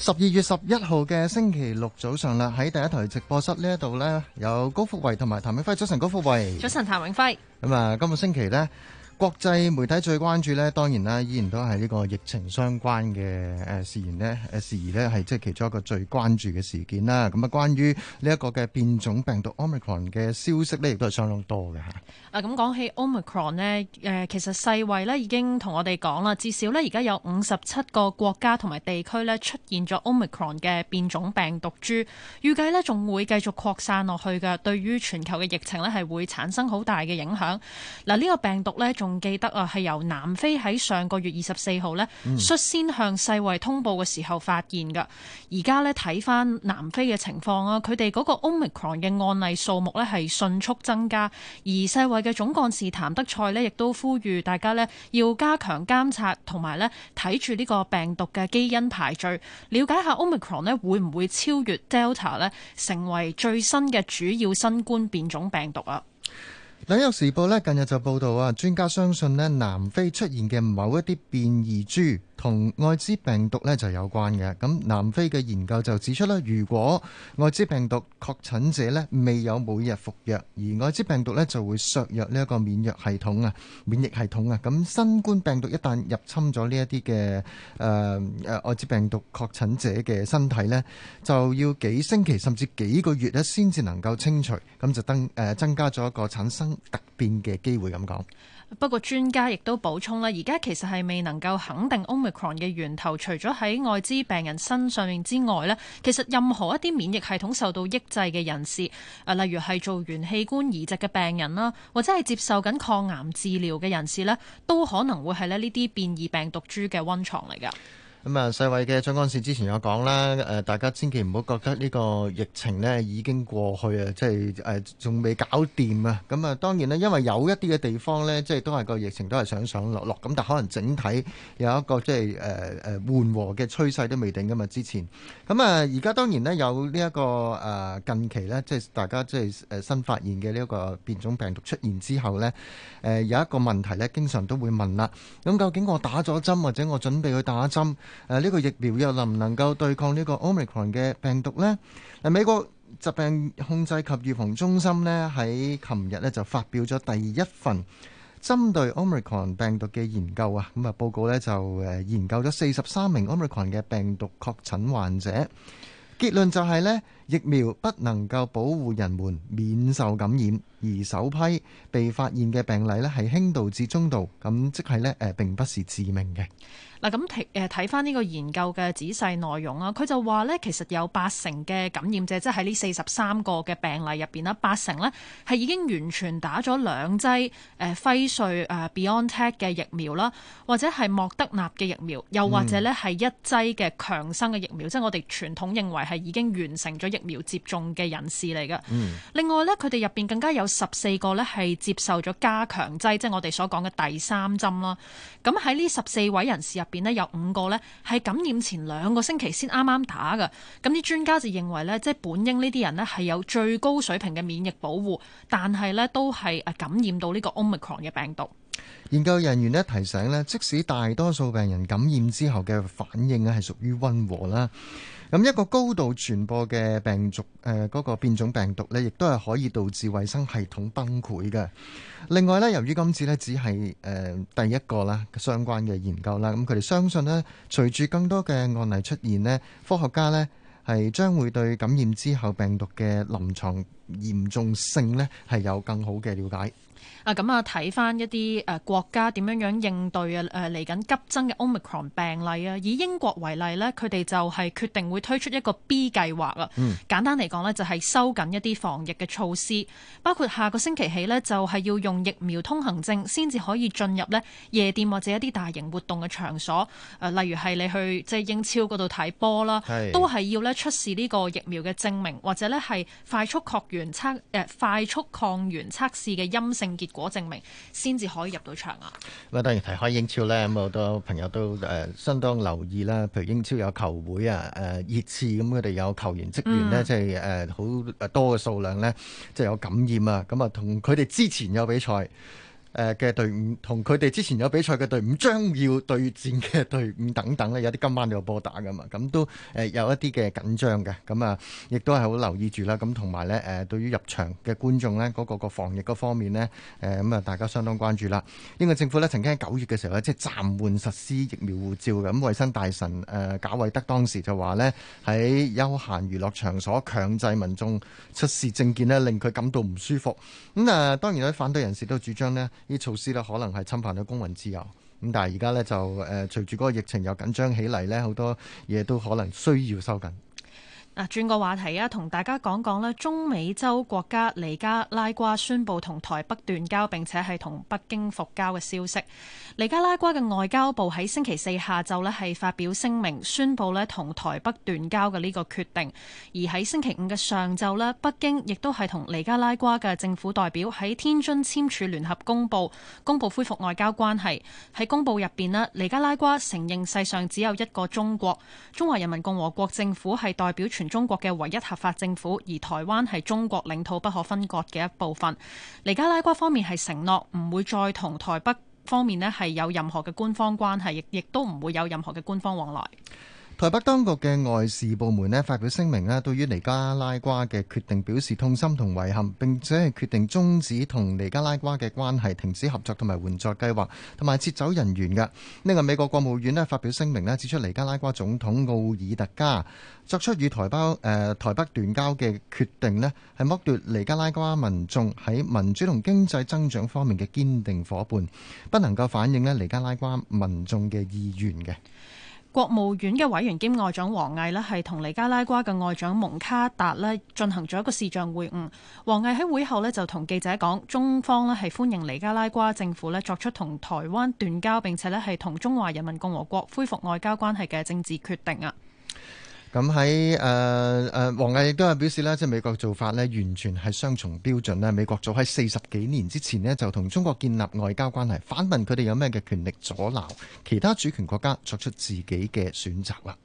十二月十一號嘅星期六早上啦，喺第一台直播室呢一度呢，有高福慧同埋譚永輝。早晨，高福慧。早晨，譚永輝。咁啊，今個星期呢，國際媒體最關注呢，當然啦，依然都係呢個疫情相關嘅誒事言呢，誒事宜呢，係即係其中一個最關注嘅事件啦。咁啊，關於呢一個嘅變種病毒 Omicron 嘅消息呢，亦都係相當多嘅嚇。啊，咁講起 Omicron 呢，誒其實世衛呢已經同我哋講啦，至少呢，而家有五十七個國家同埋地區呢，出現咗 Omicron 嘅變種病毒株，預計呢，仲會繼續擴散落去嘅，對於全球嘅疫情呢，係會產生好大嘅影響。嗱、啊，呢個病毒呢。仲。仲記得啊，係由南非喺上個月二十四號咧率先向世衛通報嘅時候發現嘅。而家咧睇翻南非嘅情況啊，佢哋嗰個 Omicron 嘅案例數目咧係迅速增加，而世衛嘅總幹事譚德賽咧亦都呼籲大家咧要加強監察，同埋咧睇住呢個病毒嘅基因排序，了解下 Omicron 咧會唔會超越 Delta 咧成為最新嘅主要新冠變種病毒啊？《紐約時報》近日就報道，專家相信南非出現嘅某一啲變異株，同艾滋病毒咧就有關嘅，咁南非嘅研究就指出咧，如果艾滋病毒確診者呢未有每日服藥，而艾滋病毒呢就會削弱呢一個免疫系統啊，免疫系統啊，咁新冠病毒一旦入侵咗呢一啲嘅誒誒艾滋病毒確診者嘅身體呢，就要幾星期甚至幾個月呢先至能夠清除，咁就增誒增加咗一個產生突變嘅機會咁講。這樣不過專家亦都補充咧，而家其實係未能夠肯定 Omicron 嘅源頭，除咗喺愛滋病人身上面之外咧，其實任何一啲免疫系統受到抑制嘅人士，例如係做完器官移植嘅病人啦，或者係接受緊抗癌治療嘅人士咧，都可能會係咧呢啲變異病毒株嘅溫床嚟㗎。咁啊，世衛嘅總幹事之前有講啦，大家千祈唔好覺得呢個疫情呢已經過去啊，即係仲未搞掂啊。咁啊，當然呢因為有一啲嘅地方呢即係都係個疫情都係上上落落，咁但可能整體有一個即係誒誒緩和嘅趨勢都未定㗎嘛。之前咁啊，而家當然呢，有呢一個近期呢，即係大家即係新發現嘅呢一個變種病毒出現之後呢，有一個問題呢，經常都會問啦。咁究竟我打咗針或者我準備去打針？誒呢個疫苗又能唔能夠對抗呢個 Omicron 嘅病毒呢？誒美國疾病控制及預防中心呢，喺琴日呢就發表咗第一份針對 Omicron 病毒嘅研究啊，咁啊報告呢就誒研究咗四十三名 Omicron 嘅病毒確診患者，結論就係呢。疫苗不能夠保護人們免受感染，而首批被發現嘅病例咧係輕度至中度，咁即係咧誒並不是致命嘅。嗱咁誒睇翻呢個研究嘅仔細內容啊，佢就話咧其實有八成嘅感染者即係呢四十三個嘅病例入邊啦，八成咧係已經完全打咗兩劑誒輝瑞誒、呃呃、BioNTech 嘅疫苗啦，或者係莫德納嘅疫苗，又或者咧係一劑嘅強生嘅疫苗，嗯、即係我哋傳統認為係已經完成咗疫。疫苗接種嘅人士嚟噶，嗯、另外呢，佢哋入邊更加有十四個呢係接受咗加強劑，即係我哋所講嘅第三針啦。咁喺呢十四位人士入邊呢，有五個呢係感染前兩個星期先啱啱打嘅。咁啲專家就認為呢，即係本應呢啲人呢係有最高水平嘅免疫保護，但係呢都係啊感染到呢個 omicron 嘅病毒。研究人員呢提醒呢，即使大多數病人感染之後嘅反應呢係屬於溫和啦。咁一個高度傳播嘅病毒，誒嗰個變種病毒呢，亦都係可以導致衞生系統崩潰嘅。另外呢，由於今次呢，只係誒第一個啦，相關嘅研究啦，咁佢哋相信呢，隨住更多嘅案例出現呢，科學家呢係將會對感染之後病毒嘅臨床嚴重性呢，係有更好嘅了解。啊咁啊，睇翻一啲誒國家點樣樣應對啊誒嚟緊急增嘅 Omicron 病例啊，以英國為例咧，佢哋就係決定會推出一個 B 計劃啊。嗯。簡單嚟講咧，就係收緊一啲防疫嘅措施，包括下個星期起咧，就係要用疫苗通行證先至可以進入咧夜店或者一啲大型活動嘅場所。誒例如係你去即係英超嗰度睇波啦，是都係要咧出示呢個疫苗嘅證明，或者咧係快速確源測誒快速抗原測試嘅陰性結果證明先至可以入到場啊！咁啊，當然提開英超咧，咁好多朋友都誒相當留意啦。譬如英超有球會啊，誒熱刺咁，佢哋有球員職員咧，即係誒好多嘅數量咧，即係有感染啊。咁啊，同佢哋之前有比賽。誒嘅隊伍、同佢哋之前有比賽嘅隊伍、將要對戰嘅隊伍等等呢，有啲今晚有波打噶嘛，咁都有一啲嘅緊張嘅，咁啊亦都係好留意住啦。咁同埋呢，誒對於入場嘅觀眾呢，嗰個個防疫嗰方面呢，誒咁啊大家相當關注啦。英國政府呢，曾經喺九月嘅時候呢，即係暫緩實施疫苗護照嘅咁，衛生大臣誒賈偉德當時就話呢，喺休閒娛樂場所強制民眾出示證件呢，令佢感到唔舒服。咁啊，當然有啲反對人士都主張呢。啲措施呢，可能係侵犯咗公民自由，咁但係而家咧就誒、呃，隨住嗰個疫情又緊張起嚟咧，好多嘢都可能需要收緊。嗱，轉個話題啊，同大家講講咧，中美洲國家尼加拉瓜宣布，同台北斷交，並且係同北京復交嘅消息。尼加拉瓜嘅外交部喺星期四下晝咧係發表聲明，宣布咧同台北斷交嘅呢個決定。而喺星期五嘅上晝咧，北京亦都係同尼加拉瓜嘅政府代表喺天津簽署聯合公報，公布恢復外交關係。喺公報入邊咧，尼加拉瓜承認世上只有一個中國，中華人民共和國政府係代表全。中國嘅唯一合法政府，而台灣係中國領土不可分割嘅一部分。尼加拉瓜方面係承諾唔會再同台北方面咧係有任何嘅官方關係，亦亦都唔會有任何嘅官方往來。台北當局嘅外事部門咧發表聲明咧，對於尼加拉瓜嘅決定表示痛心同遺憾，並且係決定終止同尼加拉瓜嘅關係，停止合作同埋援助計劃，同埋撤走人員嘅。呢個美國國務院咧發表聲明咧，指出尼加拉瓜總統奧爾特加作出與台北誒台北斷交嘅決定咧，係剝奪尼加拉瓜民眾喺民主同經濟增長方面嘅堅定伙伴，不能夠反映咧尼加拉瓜民眾嘅意願嘅。國務院嘅委員兼外長王毅咧係同尼加拉瓜嘅外長蒙卡達咧進行咗一個視像會晤。王毅喺會後咧就同記者講，中方咧係歡迎尼加拉瓜政府咧作出同台灣斷交，並且咧係同中華人民共和國恢復外交關係嘅政治決定啊。咁喺誒誒，王毅亦都係表示啦，即係美國做法呢完全係雙重標準，美國早喺四十幾年之前呢，就同中國建立外交關係，反問佢哋有咩嘅權力阻撓其他主權國家作出自己嘅選擇啦。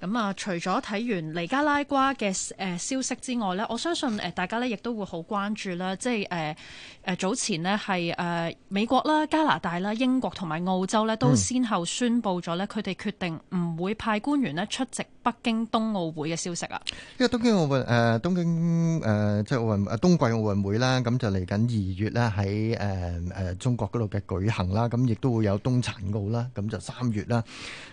咁啊，除咗睇完尼加拉瓜嘅誒消息之外咧，我相信誒大家咧亦都會好關注啦，即係誒誒早前咧喺誒美國啦、加拿大啦、英國同埋澳洲咧都先後宣布咗咧，佢哋決定唔會派官員咧出席北京冬奧會嘅消息啊！因為東京奧運誒東京誒、呃、即係奧運誒冬季奧運會啦，咁就嚟緊二月咧喺誒誒中國嗰度嘅舉行啦，咁亦都會有冬殘奧啦，咁就三月啦，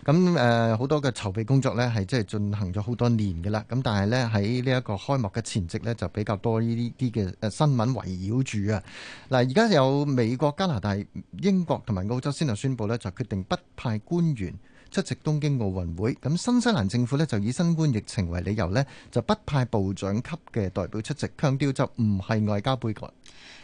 咁誒好多嘅籌備工作咧。係即係進行咗好多年噶啦，咁但係呢，喺呢一個開幕嘅前夕呢，就比較多呢啲嘅誒新聞圍繞住啊。嗱，而家有美國、加拿大、英國同埋澳洲先後宣佈呢，就決定不派官員出席東京奧運會。咁新西蘭政府呢，就以新冠疫情為理由呢，就不派部長級嘅代表出席，強調就唔係外交杯葛。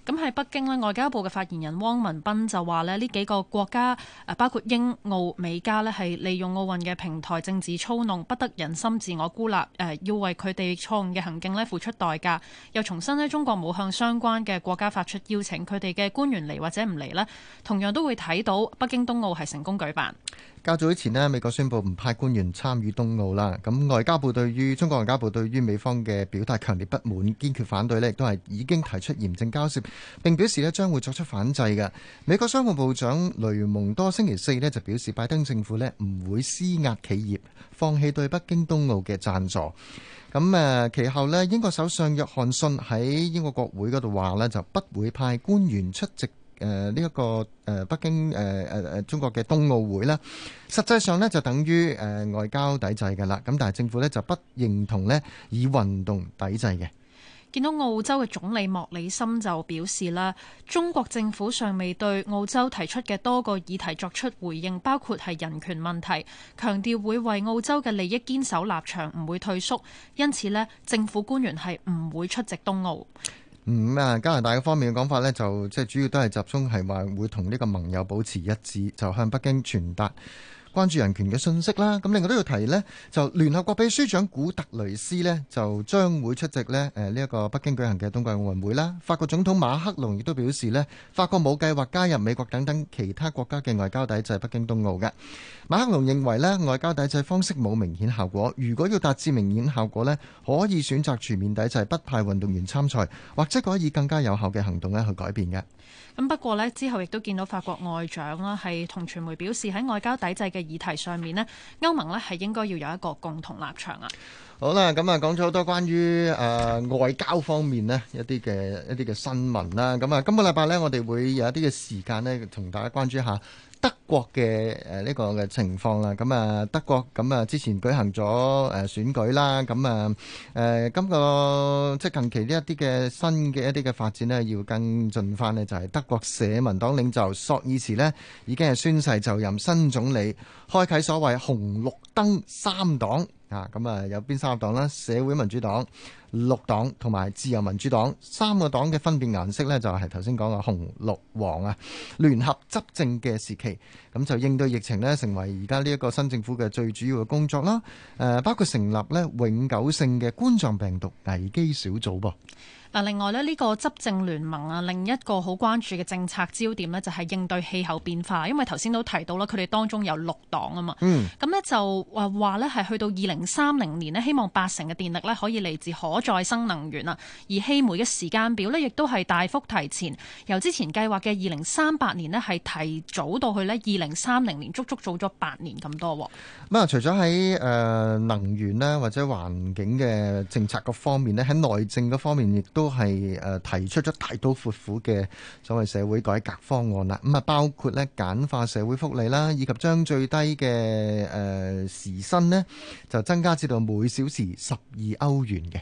咁喺北京呢，外交部嘅發言人汪文斌就話咧，呢幾個國家誒，包括英、澳、美、加咧，係利用奧運嘅平台政治操弄，不得人心、自我孤立誒，要為佢哋錯誤嘅行徑咧付出代價。又重申咧，中國冇向相關嘅國家發出邀請，佢哋嘅官員嚟或者唔嚟咧，同樣都會睇到北京冬奧係成功舉辦。較早以前咧，美國宣布唔派官員參與東奧啦。咁外交部對於中國外交部對於美方嘅表態強烈不滿，堅決反對呢，亦都係已經提出嚴正交涉。並表示咧，將會作出反制嘅。美國商務部長雷蒙多星期四咧就表示，拜登政府咧唔會施壓企業放棄對北京東奧嘅贊助。咁誒，其後咧，英國首相約翰遜喺英國國會嗰度話呢就不會派官員出席。誒呢一個誒北京誒誒誒中國嘅冬奧會啦，實際上呢，就等於誒外交抵制㗎啦。咁但係政府呢，就不認同呢以運動抵制嘅。見到澳洲嘅總理莫里森就表示啦，中國政府尚未對澳洲提出嘅多個議題作出回應，包括係人權問題，強調會為澳洲嘅利益堅守立場，唔會退縮。因此呢，政府官員係唔會出席冬奧。嗯啊，加拿大嘅方面嘅講法呢，就即係主要都係集中係話會同呢個盟友保持一致，就向北京傳達關注人權嘅信息啦，咁另外都要提咧，就聯合國秘書長古特雷斯咧就將會出席咧誒呢一個北京舉行嘅冬季奧運會啦。法國總統馬克龍亦都表示咧，法國冇計劃加入美國等等其他國家嘅外交抵制北京冬奧嘅。馬克龍認為咧，外交抵制方式冇明顯效果，如果要達至明顯效果咧，可以選擇全面抵制，不派運動員參賽，或者可以更加有效嘅行動咧去改變嘅。咁不過呢，之後亦都見到法國外長啦，係同傳媒表示喺外交抵制嘅議題上面呢，歐盟呢係應該要有一個共同立場啊。好啦，咁啊，講咗好多關於誒、呃、外交方面呢，一啲嘅一啲嘅新聞啦。咁啊，今個禮拜呢，我哋會有一啲嘅時間呢，同大家關注一下德國嘅呢、呃這個嘅情況啦。咁、嗯、啊，德國咁啊、嗯，之前舉行咗誒選舉啦。咁、嗯、啊，誒、呃、今個即近期呢一啲嘅新嘅一啲嘅發展呢，要跟進翻呢，就係、是、德國社民黨領袖索爾茨呢已經係宣誓就任新總理，開啟所謂紅綠燈三黨。吓，咁啊、嗯、有邊三個黨啦？社會民主黨。綠黨同埋自由民主黨三個黨嘅分別顏色呢，就係頭先講嘅紅、綠、黃啊。聯合執政嘅時期，咁就應對疫情呢，成為而家呢一個新政府嘅最主要嘅工作啦。誒，包括成立呢永久性嘅冠狀病毒危機小組噃。嗱，另外呢，呢、呢個執政聯盟啊，另一個好關注嘅政策焦點呢，就係應對氣候變化。因為頭先都提到啦，佢哋當中有綠黨啊嘛。嗯。咁呢就話話呢，係去到二零三零年呢，希望八成嘅電力呢，可以嚟自可再生能源啊，而棄煤嘅時間表咧，亦都係大幅提前，由之前計劃嘅二零三八年咧，係提早到去二零三零年，足足做咗八年咁多。咁啊，除咗喺誒能源或者環境嘅政策各方面咧，喺內政方面亦都係誒提出咗大刀闊斧嘅所謂社會改革方案啦。咁啊，包括咧簡化社會福利啦，以及將最低嘅誒時薪就增加至到每小時十二歐元嘅。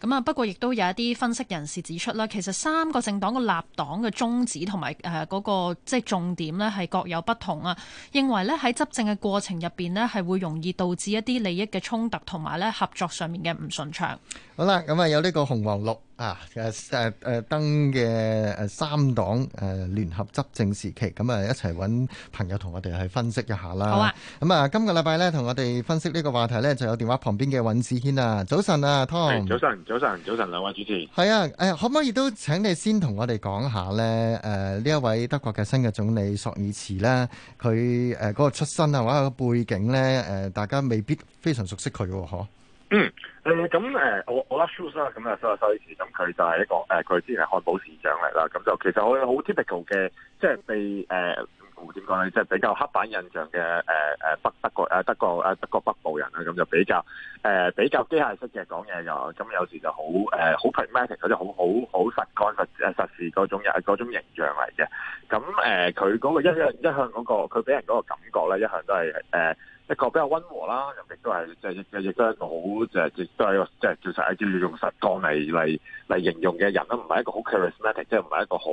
咁啊，不過亦都有一啲分析人士指出啦，其實三個政黨嘅立黨嘅宗旨同埋誒嗰個即係重點咧，係各有不同啊。認為咧喺執政嘅過程入邊咧，係會容易導致一啲利益嘅衝突同埋咧合作上面嘅唔順暢。好啦，咁啊有呢個紅黃綠啊誒誒誒燈嘅誒三黨誒聯合執政時期，咁啊一齊揾朋友同我哋去分析一下啦。好啊的，咁啊今個禮拜呢，同我哋分析呢個話題呢，就有電話旁邊嘅尹子軒啊，早晨啊，湯。早晨。早晨，早晨，兩位主持。係啊，誒，可唔可以都請你先同我哋講一下咧？誒、呃，呢一位德國嘅新嘅總理朔爾茨咧，佢誒嗰個出身啊，或者個背景咧，誒、呃，大家未必非常熟悉佢喎，嗬、嗯。嗯。誒，咁誒，我我拉朔啦，咁啊，朔爾朔爾茨，咁佢就係一個誒，佢、呃、之前係漢堡市長嚟啦，咁就其實我有好 typical 嘅，即係被誒。呃點講咧，即係比較黑板印象嘅北、呃、德國德國德國北部人啦，咁就比較、呃、比較機械式嘅講嘢，咁有時就好好、呃、practical 好好實幹實事嗰種，嗰種形象嚟嘅，咁佢嗰個一向一向嗰個佢俾人嗰個感覺咧，一向都係一個比較温和啦，咁亦都係即係亦亦都係一個好即係亦都係一個即係叫實叫用實幹嚟嚟嚟形容嘅人咯，唔係一個好 charismatic 即係唔係一個好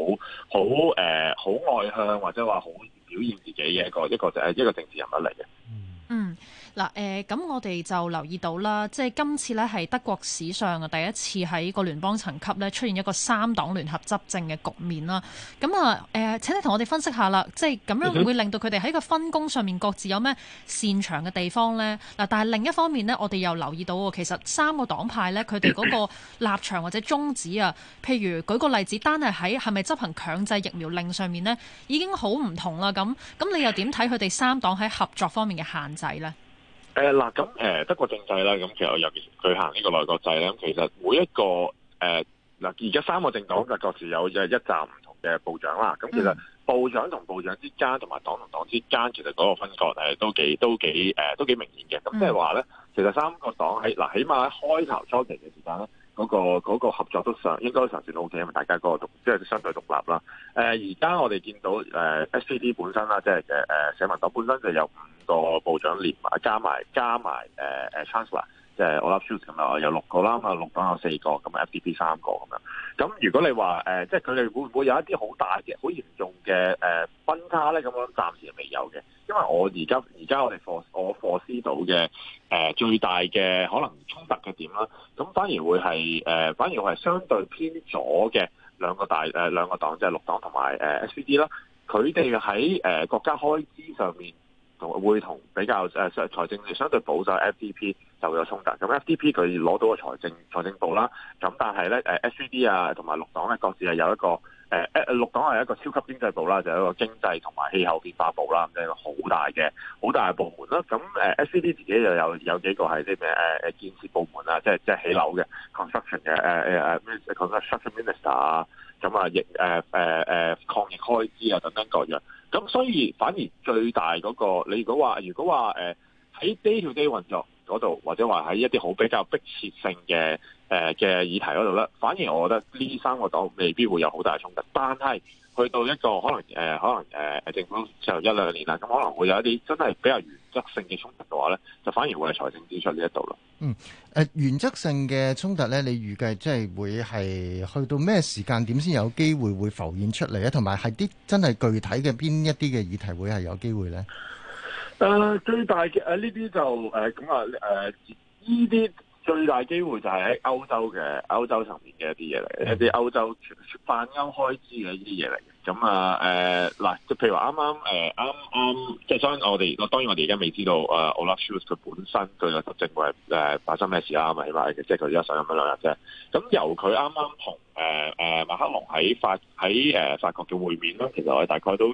好誒好外向或者話好表現自己嘅一個一個就係、是、一個政治人物嚟嘅。嗯。嗱，誒咁、呃，我哋就留意到啦，即係今次咧係德國史上嘅第一次喺個聯邦層級咧出現一個三黨聯合執政嘅局面啦。咁啊，誒、呃，請你同我哋分析下啦，即係咁樣會令到佢哋喺個分工上面各自有咩擅長嘅地方咧？嗱，但係另一方面呢，我哋又留意到喎，其實三個黨派咧，佢哋嗰個立場或者宗旨啊，譬如舉個例子，單係喺係咪執行強制疫苗令上面咧，已經好唔同啦。咁咁，你又點睇佢哋三黨喺合作方面嘅限制咧？誒，嗱、嗯，咁誒，德國政制啦，咁其實尤其佢行個內閣呢個內閣制咧，咁其實每一個誒、嗱、嗯，而家三個政黨，嗱，各自有一站唔同嘅部長啦，咁其實部長同部長之間，同埋黨同黨之間，其實嗰個分割誒，都幾都幾誒，都幾明顯嘅，咁即係話咧，其實三個黨喺嗱，起碼喺開頭初期嘅時間咧，嗰、那個嗰、那個合作都尚應該尚算好嘅，因為大家嗰、那個獨即係相對獨立啦。誒、呃，而家我哋見到誒、呃、S P D 本身啦，即係誒誒，社民黨本身就有個部長連埋加埋加埋，誒誒 Chancellor 即係 Olaf Scholz 啦，有六個啦，有綠黨有四個，咁 FDP 三個咁樣。咁如果你話誒、呃，即係佢哋會唔會有一啲好大嘅、好嚴重嘅誒、呃、分差咧？咁樣暫時未有嘅，因為我而家而家我哋我我知到嘅誒、呃、最大嘅可能衝突嘅點啦。咁反而會係誒、呃，反而會係相對偏左嘅兩個大誒、呃、兩個黨，即係綠黨同埋誒 SPD 啦。佢哋喺誒國家開支上面。同會同比較誒財政相對保守，FDP 就會有衝突。咁 FDP 佢攞到個財政財政部啦，咁但係咧誒 SVD 啊同埋六黨咧，各自係有一個誒誒六黨係一個超級經濟部啦，就有一個經濟同埋氣候變化部啦，咁、就、係、是、一個好大嘅好大嘅部門啦。咁誒 SVD 自己就有有幾個係啲咩誒誒建設部門啊，即係即係起樓嘅 construction 嘅誒誒誒 construction minister 啊。咁啊、嗯呃呃呃，抗疫開支啊等等各樣，咁所以反而最大嗰、嗰個，你如果話如果話誒喺 day-to-day 運作嗰度，或者話喺一啲好比較迫切性嘅嘅、呃、議題嗰度咧，反而我覺得呢三個黨未必會有好大衝突，但係去到一個可能、呃、可能、呃、政府就一兩年啦，咁可能會有一啲真係比較遠原則性嘅衝突嘅話咧，就反而會係財政支出呢一度咯。嗯，誒，原則性嘅衝突咧，你預計即係會係去到咩時間點先有機會會浮現出嚟咧？同埋係啲真係具體嘅邊一啲嘅議題會係有機會咧？誒、呃，最大嘅誒呢啲就誒咁啊誒，呢、呃、啲、呃、最大機會就係喺歐洲嘅歐洲層面嘅一啲嘢嚟，一啲歐洲泛歐開支嘅呢啲嘢嚟。咁啊，誒、呃、嗱，即譬如話啱啱啱啱，即係所以我哋當然我哋而家未知道誒、呃、Olaf Scholz 佢本身佢嘅特徵或誒、呃、發生咩事啦、啊，咪起碼係即係佢而家上任兩日啫。咁、就是嗯、由佢啱啱同誒誒馬克龍喺法喺、呃、法國嘅會面啦，其實我哋大概都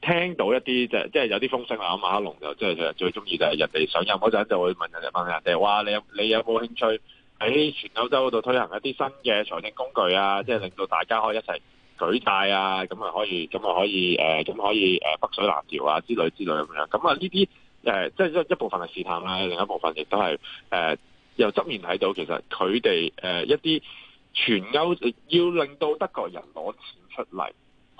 聽到一啲即係即有啲風聲話，馬克龍就即係其實最中意就係人哋上任嗰陣就會問人哋問人哋，哇！你有你有冇興趣喺全歐洲嗰度推行一啲新嘅財政工具啊？即係令到大家可以一齊。舉債啊，咁啊可以，咁啊可以，誒，咁可以，誒，北水南調啊之類之類咁樣、啊，咁啊呢啲誒，即係一一部分係試探啦，另一部分亦都係誒由側面睇到，其實佢哋誒一啲全歐要令到德國人攞錢出嚟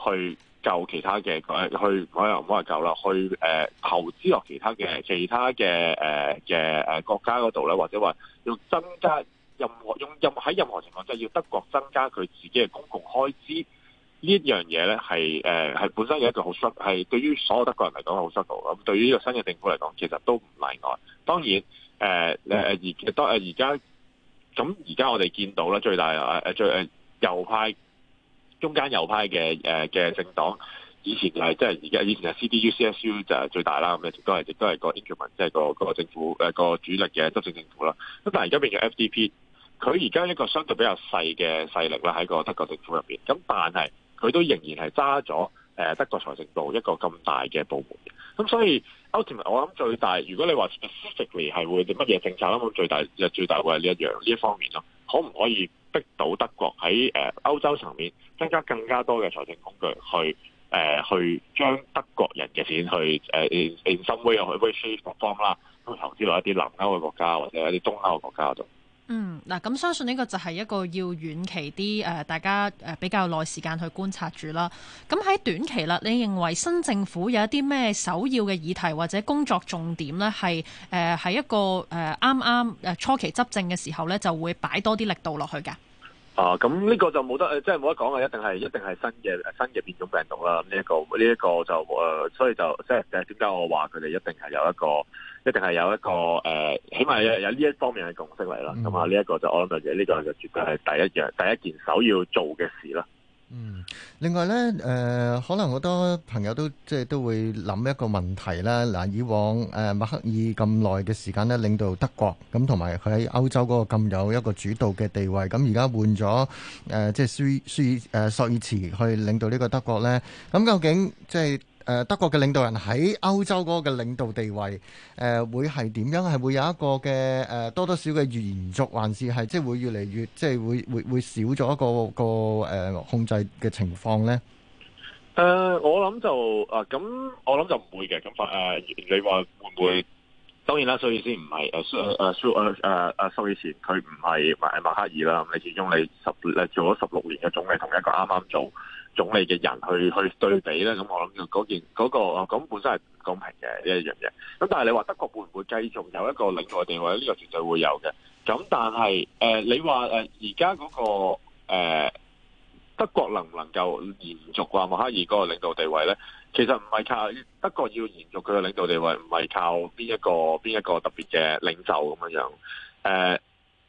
去救其他嘅，佢去可能唔可以救啦，去誒、呃、投資落其他嘅其他嘅誒嘅誒國家嗰度咧，或者話要增加任何用任喺任何情況，就係要德國增加佢自己嘅公共開支。呢一樣嘢呢係誒係本身有一個好係對於所有德國人嚟講係好糟糕咁，對於呢個新嘅政府嚟講其實都唔例外。當然誒誒而當誒而家咁而家我哋見到咧最大誒誒最右派中間右派嘅誒嘅政黨以前係即係而家以前係 CDU CSU 就係最大啦咁，亦都係亦都係個 Incremen 即係個個政府誒個主力嘅執政政府啦。咁但係而家變咗 FDP，佢而家一個相對比較細嘅勢力啦喺個德國政府入邊。咁但係。佢都仍然係揸咗誒德國財政部一個咁大嘅部門，咁所以歐廷文我諗最大，如果你話 specifically 係會乜嘢政策咧，咁最大嘅最大會係呢一樣呢一方面咯，可唔可以逼到德國喺誒歐洲層面增加更加多嘅財政工具去誒去將德國人嘅錢去誒 invest w a y 啊，去威 n 各方啦，去投資落一啲南歐嘅國家或者一啲中歐嘅國家度。嗯，嗱，咁相信呢個就係一個要遠期啲，誒，大家誒比較耐時間去觀察住啦。咁喺短期啦，你認為新政府有一啲咩首要嘅議題或者工作重點咧，係誒喺一個誒啱啱誒初期執政嘅時候咧，就會擺多啲力度落去嘅？啊，咁呢個就冇得誒，即係冇得講嘅，一定係一定係新嘅新嘅變種病毒啦。呢一個呢一個就誒，所以就即係點解我話佢哋一定係有一個。一定係有一個誒，起碼有有呢一方面嘅共識嚟啦。咁啊，呢一個就我諗就係呢個就絕對係第一樣、第一件首要做嘅事啦。嗯，另外咧，誒可能好多朋友都即係都會諗一個問題啦。嗱，以往誒默克爾咁耐嘅時間咧，領導德國咁，同埋佢喺歐洲嗰個咁有一個主導嘅地位。咁而家換咗誒，即係舒舒誒朔爾茨去領導呢個德國咧。咁究竟即係，德國嘅領導人喺歐洲嗰個嘅領導地位，誒會係點樣？係會有一個嘅多多少少嘅延續，還是係即會越嚟越即係會少咗一個一個控制嘅情況咧、呃？我諗就啊，咁、呃、我諗就唔會嘅。咁、呃、你話會唔會？當然啦，所以先唔係啊。蘇啊蘇啊啊啊！朔爾茨佢唔係馬克爾啦。咁你始終你十你做咗十六年嘅總理，同一個啱啱做。總理嘅人去去對比呢，咁我諗嗰件嗰、那個咁、那個、本身係唔公平嘅一樣嘢。咁但係你話德國會唔會繼續有一個領導地位？呢、這個絕對會有嘅。咁但係誒、呃，你話而家嗰個誒、呃、德國能唔能夠延續話、啊、默克爾嗰個領導地位呢？其實唔係靠德國要延續佢嘅領導地位，唔係靠邊一個邊一個特別嘅領袖咁樣樣、呃。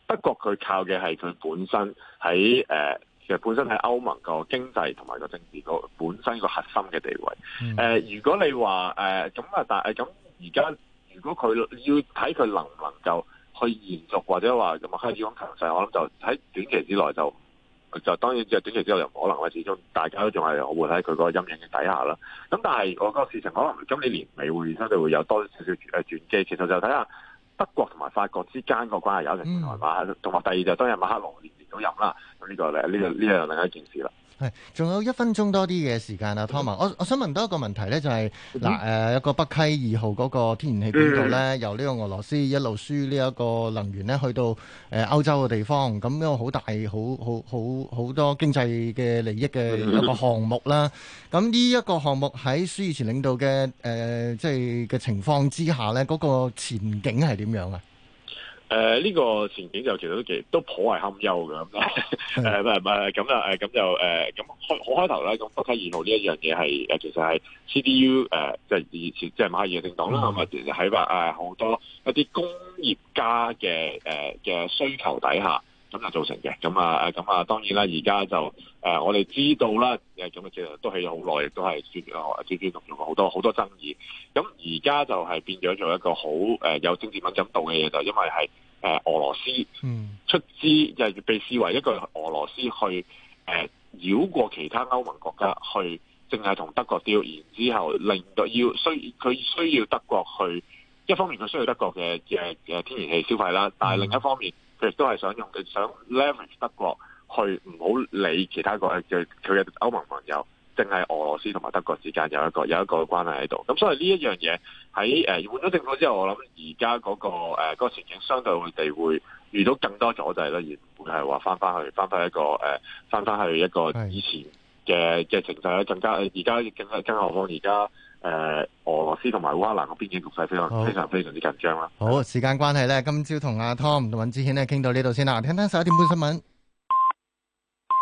德國佢靠嘅係佢本身喺誒。呃本身喺歐盟個經濟同埋個政治個本身個核心嘅地位，誒、嗯呃，如果你話誒咁啊，但誒咁而家如果佢要睇佢能唔能夠去延續或者話咁啊，開始咁強勢，我諗就喺短期之內就就當然即係短期之後又可能，或始終大家都仲係會喺佢個陰影嘅底下啦。咁但係我個事情可能今年年尾會相對會有多少少誒轉機，其實就睇下德國同埋法國之間個關係有定成問嘛，同埋、嗯、第二就是當日馬克龍。都飲啦，咁呢、這個咧，呢、這個呢樣、這個、另一件事啦。係，仲有一分鐘多啲嘅時間啊，湯馬、嗯，我我想問多一個問題咧，就係嗱誒，一個北溪二號嗰個天然氣管道咧，嗯、由呢個俄羅斯一路輸呢一個能源咧，去到誒、呃、歐洲嘅地方，咁呢個好大好好好好多經濟嘅利益嘅一個項目啦。咁呢一個項目喺朔爾茨領導嘅誒，即係嘅情況之下咧，嗰、那個前景係點樣啊？誒呢、呃，呢個前景就其實都其都頗為堪憂嘅，咁誒唔係唔係咁咁就咁、呃、開好開頭啦。咁北卡二號呢一樣嘢係其實係 CDU 誒即係以前即係馬爾政黨啦，咁啊喺好多一啲工業家嘅嘅、呃、需求底下。咁就造成嘅，咁啊，咁啊，當然啦，而家就誒、呃，我哋知道啦，誒，咁嘅其實都係有好耐，亦都係說誒，諸同好多好多爭議。咁而家就係變咗做一個好誒、呃、有政治敏感度嘅嘢，就係、因為係誒、呃、俄羅斯出資，就係被視為一個俄羅斯去誒、呃、繞過其他歐盟國家去，淨係同德國調，然之後令到要需佢需要德國去一方面，佢需要德國嘅嘅、呃、天然氣消費啦，但係另一方面。嗯佢亦都係想用佢想 leverage 德國去唔好理其他國嘅佢嘅歐盟盟友，淨係俄羅斯同埋德國之間有一個有一個關係喺度。咁所以呢一樣嘢喺誒換咗政府之後，我諗而家嗰個誒嗰個、呃、前景相對我哋會遇到更多阻滯咯，而唔會係話翻返去翻返一個誒翻返去一個以前嘅嘅情勢咧，更加而家更更何況而家。誒、呃，俄羅斯同埋烏克蘭個邊境局勢非、哦、非常非常非常之緊張啦。好，的好，時間關係咧，今朝同阿 Tom 同尹子軒咧傾到呢度先啦。聽聽十一點半新聞。